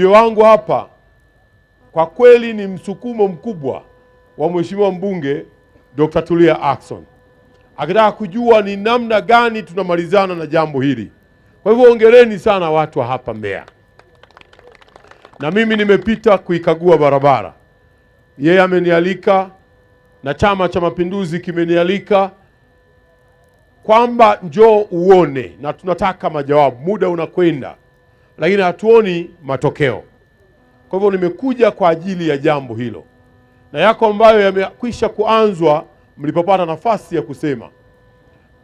Ujio wangu hapa kwa kweli ni msukumo mkubwa wa Mheshimiwa mbunge Dr. Tulia Ackson akitaka kujua ni namna gani tunamalizana na jambo hili. Kwa hivyo ongereni sana watu wa hapa Mbeya, na mimi nimepita kuikagua barabara, yeye amenialika na Chama cha Mapinduzi kimenialika kwamba njoo uone, na tunataka majawabu. Muda unakwenda, lakini hatuoni matokeo. Kwa hivyo nimekuja kwa ajili ya jambo hilo, na yako ambayo yamekwisha kuanzwa mlipopata nafasi ya kusema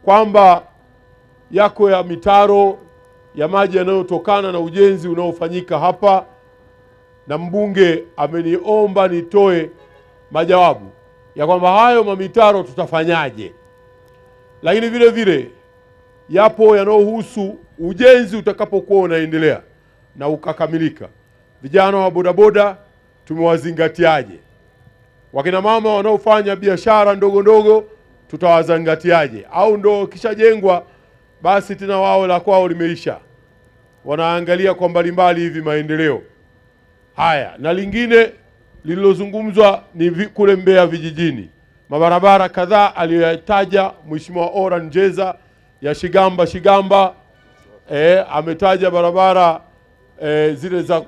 kwamba yako ya mitaro ya maji yanayotokana na ujenzi unaofanyika hapa, na mbunge ameniomba nitoe majawabu ya kwamba hayo mamitaro tutafanyaje, lakini vile vile yapo yanayohusu ujenzi utakapokuwa unaendelea na ukakamilika, vijana wa bodaboda tumewazingatiaje? Wakina mama wanaofanya biashara ndogo ndogo tutawazingatiaje? Au ndo kishajengwa basi tena wao la kwao limeisha? Wanaangalia kwa mbalimbali hivi maendeleo haya. Na lingine lililozungumzwa ni kule Mbeya vijijini, mabarabara kadhaa aliyoyataja Mheshimiwa Oran Jeza ya Shigamba Shigamba eh, ametaja barabara eh, zile za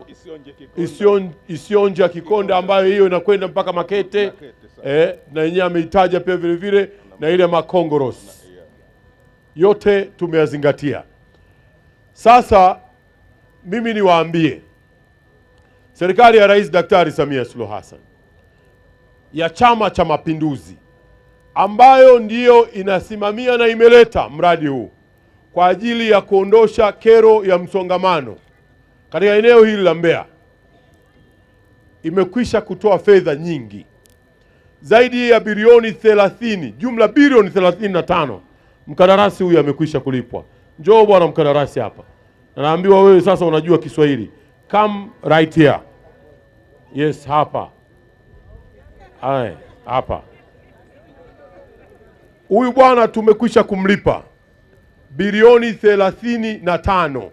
Isionja Kikonda ambayo hiyo inakwenda mpaka Makete, Makete e, na yenyewe ameitaja pia vile vile na ile Makongoros yote tumeyazingatia. Sasa mimi niwaambie serikali ya Rais Daktari Samia Suluhu Hassan ya Chama cha Mapinduzi ambayo ndiyo inasimamia na imeleta mradi huu kwa ajili ya kuondosha kero ya msongamano katika eneo hili la Mbeya imekwisha kutoa fedha nyingi zaidi ya bilioni 30, jumla bilioni 35. Mkandarasi huyu amekwisha kulipwa. Njoo bwana mkandarasi hapa, naambiwa wewe sasa unajua Kiswahili. Come right here. Yes, hapa Aye, hapa. Huyu bwana tumekwisha kumlipa bilioni thelathini na tano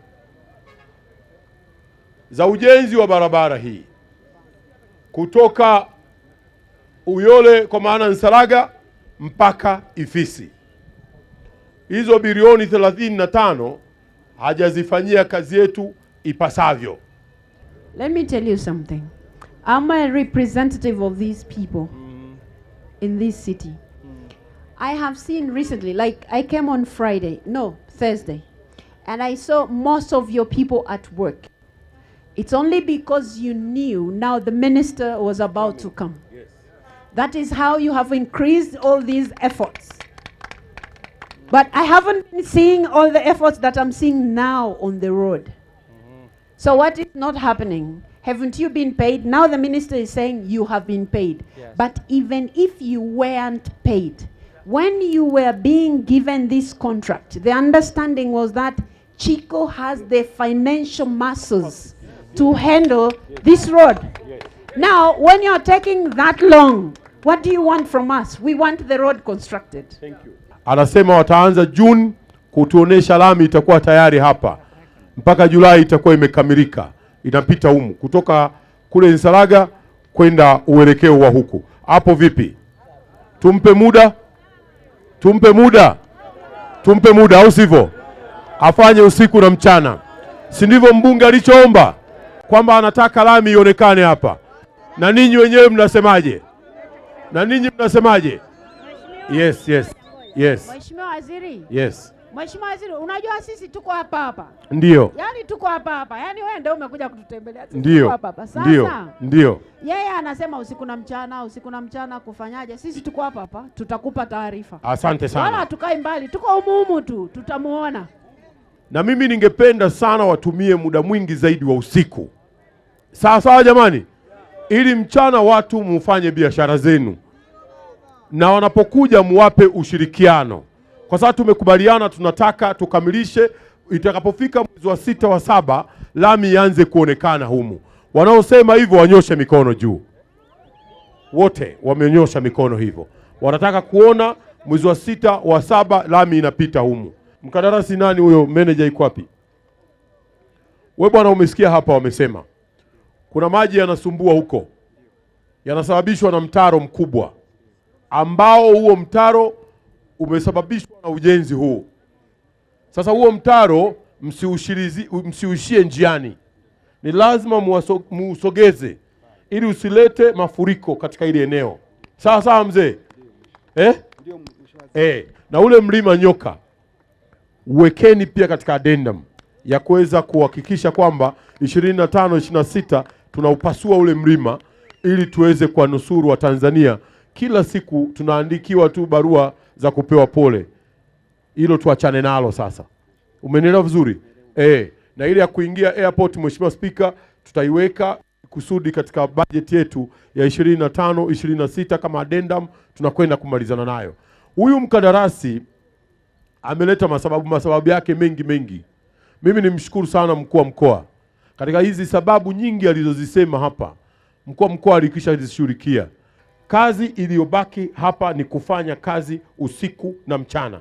za ujenzi wa barabara hii kutoka Uyole kwa maana Nsalaga mpaka Ifisi. Hizo bilioni thelathini na tano hajazifanyia kazi yetu ipasavyo. Let me tell you something. I'm a representative of these people mm. in this city. I have seen recently, like I came on Friday, no, Thursday, and I saw most of your people at work. It's only because you knew now the minister was about to come. That is how you have increased all these efforts. But I haven't been seeing all the efforts that I'm seeing now on the road. Mm-hmm. So, what is not happening? Haven't you been paid? Now the minister is saying you have been paid. Yes. But even if you weren't paid, when you were being given this contract, the understanding was that Chico has the financial muscles to handle this road. Now, when you're taking that long, what do you want from us? We want the road constructed. Thank you. Anasema wataanza June kutuonesha lami itakuwa tayari hapa mpaka Julai itakuwa imekamilika, inapita humu kutoka kule Nsalaga kwenda uelekeo wa huku. Hapo vipi? Tumpe muda Tumpe muda, tumpe muda, au sivyo afanye usiku na mchana, si ndivyo? Mbunge alichoomba kwamba anataka lami ionekane hapa, na ninyi wenyewe mnasemaje? Na ninyi mnasemaje? Yes, yes, yes. Mheshimiwa Waziri. Yes. Mheshimiwa Waziri, unajua sisi tuko hapa hapa. Ndio. Yaani tuko hapa hapa. Yaani wewe ndio umekuja kututembelea. Ndio. Hapa hapa. Sasa. Ndio. Ndio. Yeye anasema usiku na mchana, usiku na mchana kufanyaje? Sisi tuko hapa hapa, tutakupa taarifa. Asante sana. Wala tukai mbali, tuko humu humu tu, tutamuona. Na mimi ningependa sana watumie muda mwingi zaidi wa usiku. Sawa sawa jamani. Ili mchana watu mufanye biashara zenu. Na wanapokuja muwape ushirikiano kwa sababu tumekubaliana tunataka tukamilishe, itakapofika mwezi wa sita wa saba lami ianze kuonekana humu. Wanaosema hivyo wanyoshe mikono juu. Wote wamenyosha mikono hivyo, wanataka kuona mwezi wa sita wa saba lami inapita humu. Mkandarasi nani huyo? Meneja iko wapi? We bwana, umesikia hapa wamesema kuna maji yanasumbua huko, yanasababishwa na mtaro mkubwa ambao huo mtaro umesababishwa na ujenzi huo. Sasa huo mtaro msiushie njiani, ni lazima muusogeze ili usilete mafuriko katika hili eneo. Sawa sawa mzee eh? eh? Eh, na ule mlima nyoka uwekeni pia katika addendum ya kuweza kuhakikisha kwamba 25 26 tunaupasua ule mlima ili tuweze kuwanusuru Watanzania. Kila siku tunaandikiwa tu barua za kupewa pole. Hilo tuachane nalo sasa, umenielewa vizuri eh? Na ile ya kuingia airport, Mheshimiwa Spika, tutaiweka kusudi katika bajeti yetu ya 25 26 kama addendum tunakwenda kumalizana nayo. Huyu mkandarasi ameleta masababu, masababu yake mengi mengi. Mimi nimshukuru sana mkuu wa mkoa katika hizi sababu nyingi alizozisema hapa, mkuu wa mkoa alikisha zishughulikia. Kazi iliyobaki hapa ni kufanya kazi usiku na mchana.